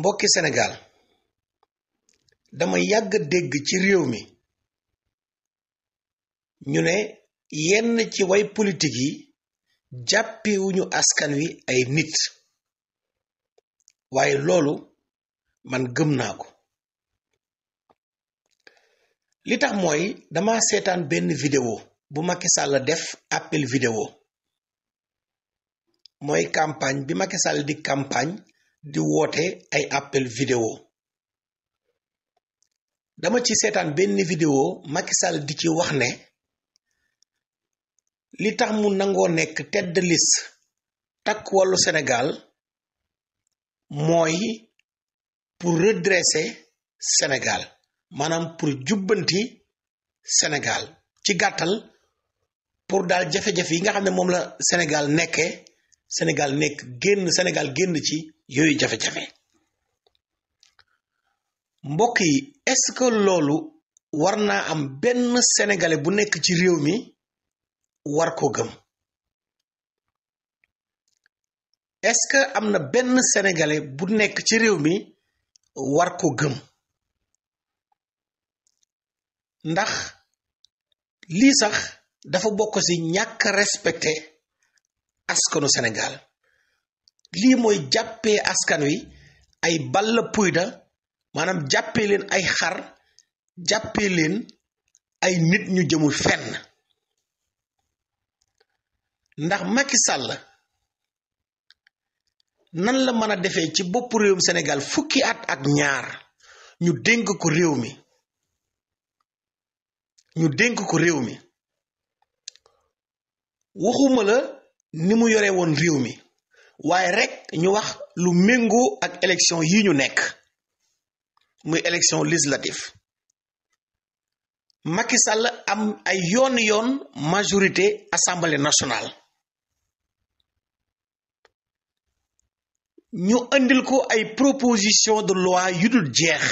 mbokki Sénégal dama yàgg dégg ci réew mi ñu ne yenn ci way politik yi jàppewuñu askan wi ay nit waaye loolu man gëm naa ko li tax mooy dama seetaan benn video bu Macky Sall def appel vidéo mooy campagne bi Macky di campagne di woote ay appel vidéo dama ci seetaan benn vidéo Macky Sall di ci wax ne li tax mu nangoo nekk tête de takk wàllu Sénégal mooy pour redresser senegal maanaam pour jubbanti senegal ci gàttal pour daal jafe-jafe yi nga xam ne moom la Sénégal nekkee senegal nekk génn senegal génn ci yooyu jafe-jafe mbokk yi est-ce loolu war naa am benn sénégalais bu nekk ci réew mi war ko gëm est-ce que am na benn sénégalais bu nekk ci réew mi war ko gëm ndax lii sax dafa bokk ci ñàkk respecté askanu Sénégal lii mooy jàppee askan wi ay balla puy na maanaam jàppee leen ay xar jàppee leen ay nit ñu jëmul fenn ndax Macky Sall nan la mën a defee ci boppu réewum senegal fukki at ak ñaar ñu dénk ko réew mi ñu dénk ko réew mi waxuma la ni mu yore woon réew mi waaye rek ñu wax lu méngoo ak élection yi ñu nekk muy élection législative Macky Sall am ay yoon yoon majorité assemblée nationale ñu indil ko ay proposition de loi yu dul jeex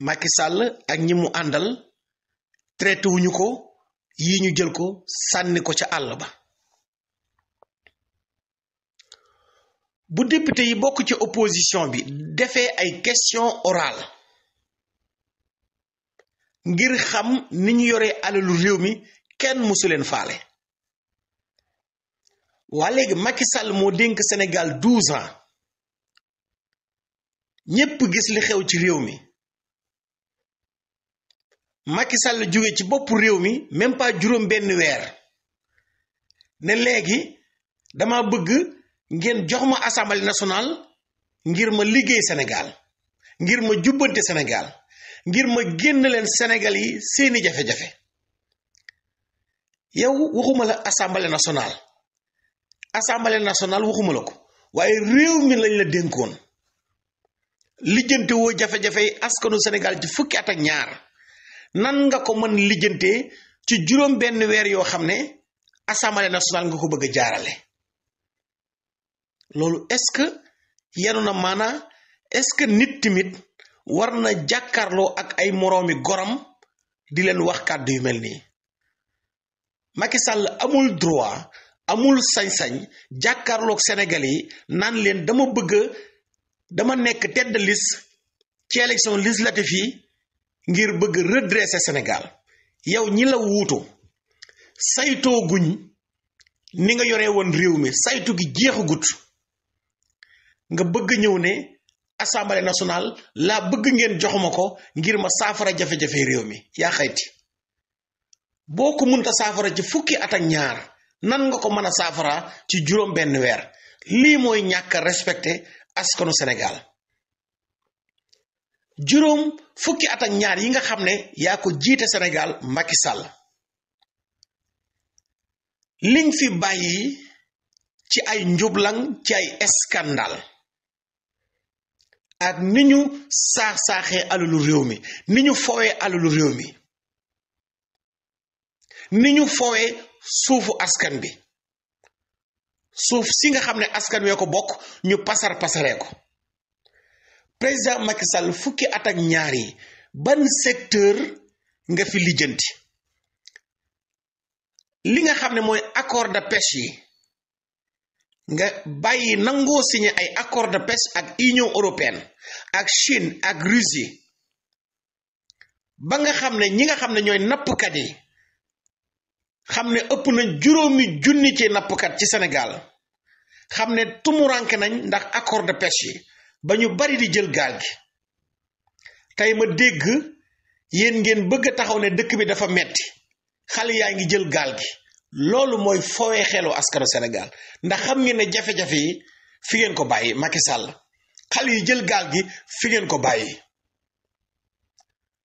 Macky Sall ak ñimu àndal traité wuñu ko yi ñu jël ko sànni ko ca àll ba bu député yi bokk ci opposition bi defee ay question orale ngir xam ni ñu yoree alalu réew mi kenn mësu leen faale waa léegi Macky moo dénk senegal douze ans ñépp gis li xew ci réew mi Macky Sall jóge ci bopp réew mi même pas juróom benn weer ne léegi dama bëgg ngeen jox ma assemblée nationale ngir ma liggéey Sénégal ngir ma jubbante Sénégal ngir ma génn leen Sénégal yi seeni jafe-jafe yow waxuma la assemblée nationale assambale nationale waxuma ko waaye réew mi lañ la dénkoon lijjante woo jafe-jafe askanu Sénégal ci fukki at ak ñaar nan nga ko mën lijjante ci juróom benn weer yoo xam ne assambale nationale nga ko bëgg a jaarale loolu est-ce que yenu na maanaa est-ce que nit tamit war na jàkkarloo ak ay moroomi gorom di leen wax kàddu yu mel nii Macky Sall amul droit amul sañ-sañ jàkkaarloog Sénégal yi naan leen dama bëgg dama nekk tête lis liste ci élection législative yi ngir bëgg redresser senegal yow ñi la wuutu saytoo guñ ni nga yore woon réew mi saytu gi jeexagut nga bëgg ñëw ne assemblée nationale laa bëgg ngeen joxuma ko ngir ma saafara jafe-jafe réew mi yaa xayti boo ko mënta saafara ci fukki at ñaar nan nga ko mën a saafara ci juróom benn weer lii mooy ñàkk respecte askanu Sénégal juróom fukki at ñaar yi nga xam ne yaa ko jiite Sénégal Macky Sall liñ fi bàyyi ci ay njublang ci ay scandale ak ni ñu saax-saaxee alalu réew mi ni ñu fowee alalu réew mi ni ñu fowee suufu askan bi suuf si nga xam ne askan wee ko bokk ñu pasar pasaree ko président Macky fukki at ak ñaar yi ban secteur nga fi lijjanti li nga xam ne mooy accord de peche yi nga bàyyi nangoo signé ay accord de pêche ak union européenne ak Chine ak Russie ba nga xam ne ñi nga xam ne ñooy nappkat yi xam ne ëpp na juróomi junni ci nappkat ci Sénégal xam ne tumuranke nañ ndax accord de pêche yi ba ñu bari di jël gaal gi tey ma dégg yéen ngeen bëgg a taxaw ne dëkk bi dafa metti xale yaa ngi jël gaal gi loolu mooy fowee xelu askanu senegal ndax xam ngeen ne jafe-jafe yi fi ngeen ko bàyyi Macky la xale yi jël gaal gi fi ngeen ko bàyyi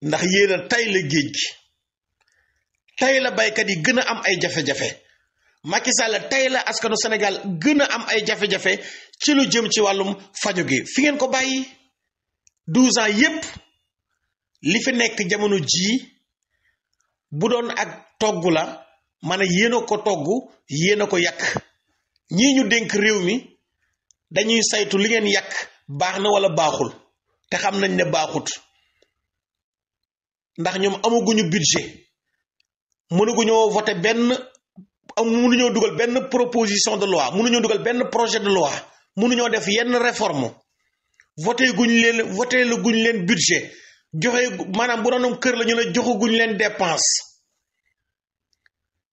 ndax yéen a tay la géej gi tay la baykat yi gën a am ay jafe-jafe Macky Sall tay la askanu senegal gën a am ay jafe-jafe ci lu jëm ci wàllum fajo gi fi ngeen ko bàyyi douze ans yépp li fi nekk jamono jii bu doon ak toggu la man a yéen a ko togg yéen a ko yàq ñii ñu dénk réew mi dañuy saytu li ngeen yàq baax na wala baaxul te xam nañ ne baaxut ndax ñoom amaguñu budget mënuguñoo voté benn am mënuñoo dugal benn proposition de loi mënuñoo dugal benn projet de loi mënuñoo def yenn réforme voté guñ leen voté la guñ leen budget joxe maanaam bu doonoon kër la ñu la joxaguñ leen dépense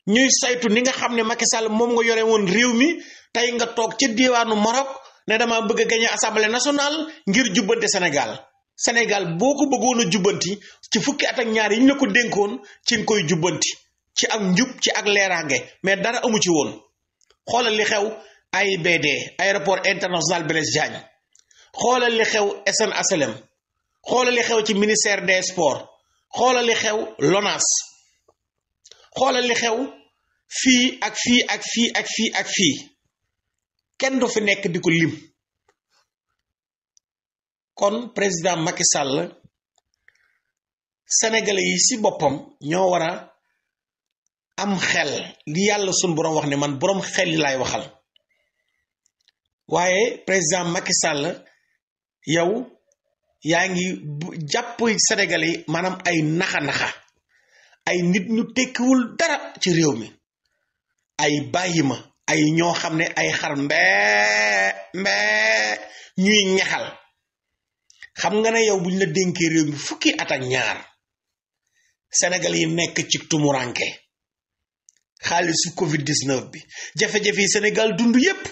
ñuy saytu ni nga xam ne Macky Sall moom nga yore woon réew mi tey nga toog ci diwaanu Maroc ne dama bëgg a gagné assemblée nationale ngir jubbante Sénégal Sénégal boo ko bëggoon a jubbanti ci fukki at ak ñaar yi ñu la ko dénkoon ci nga koy jubbanti ci ak njub ci ak leeraange mais dara amu ci woon xoolal li xew AIBD aéroport international Blaise Diagne xoolal li xew SN HLM xoolal xew ci ministère des sport xoolali xew LONASE xoolal li xew fii ak fii ak fii ak fii ak fii kenn du fi nekk di ko lim kon président makisal Sall sénégalais yi si boppam ñoo war a am xel li yàlla sunu boroom wax ne man boroom xel yi laay waxal waaye président makisal Sall yow yaa ngi jàpp sénégalais yi maanaam ay naxa-naxa ay nit ñu tekkiwul dara ci réew mi ay bàyyi ay ñoo xam ne ay xar mbee mbee ñuy ñaxal xam nga ne yow buñ la dénkee réew mi fukki at ak ñaar Sénégal yi nekk ci tumuranke xaalisu covid 19 bi jafe-jafe yi Sénégal dund yépp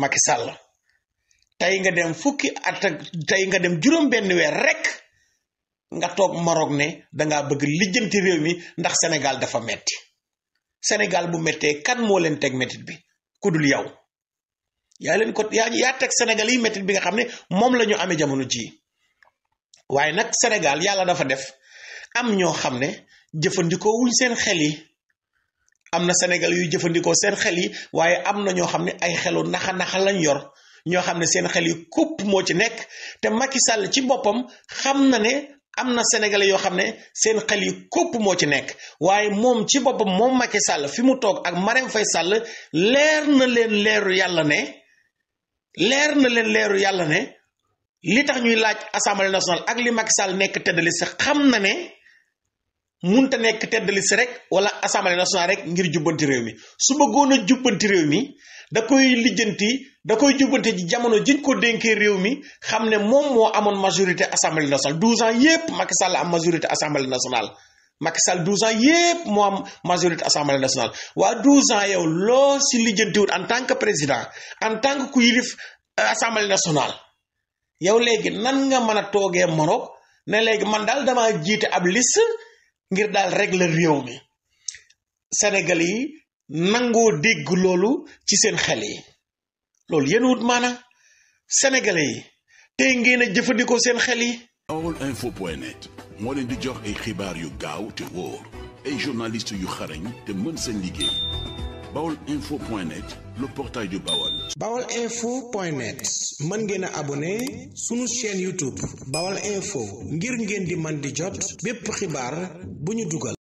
Macky Sall tey nga dem fukki at ak nga dem juróom benn weer rekk nga toog Maroc ne danga bëgg lijjanti réew mi ndax senegal dafa metti senegal bu mettee kan moo leen teg métit bi ku dul yow yaa leen ko yaa yaa teg senegal yi métit bi nga xam ne moom la ñu amee jamono ji waaye nag senegal yàlla dafa def am ñoo xam ne jëfandikoo wuñ seen xel yi am na senegal yuy jëfandikoo seen xel yi waaye am na ñoo xam ne ay xelu naxa naxa lañ yor ñoo xam ne seen xel yi kupp moo ci nekk te Macky sàll ci boppam xam na ne am na sénégalais yoo xam ne seen xel yi kopp moo ci nekk waaye moom ci boppam moom Macky Sall fi mu toog ak Marème fay Sall leer na leen leeru yàlla ne leer na leen leeru yàlla ne li tax ñuy laaj assemblée nationale ak li Macky sàll nekk tedd liste xam na ne munta nekk tedd liste rek wala assemblée nationale rek ngir jubbanti réew mi su bëggoon a jubbanti réew mi da koy lijjanti da koy jubbante ji jamono jiñ ko dénkee réew mi xam ne moom moo amoon majorité assemblée nationale 12 ans yépp Macky Sall am majorité assemblée nationale Macky Sall 12 ans yépp moo am majorité assemblée nationale waa 12 ans yow loo si lijjantiwut en tant que président en tant que ku yilif euh, assemblée nationale yow léegi nan nga mën a toogee Maroc ne léegi man daal damaa jiite ab liste ngir daal régler réew mi Sénégal yi nangoo dégg loolu ci seen xel yi loolu yéen wut maanaam sénégalais yi tey ngeen a jëfandikoo seen xel yi. Baol-info.net moo leen di jox ay xibaar yu gaaw te wóor ay journalistes yu xarañ te mën seen liggéey Baol-info.net le portail du Baol. mën ngeen a abonné sunu chaîne YouTube Baol-info ngir ngeen di man di jot bépp xibaar bu ñu dugal.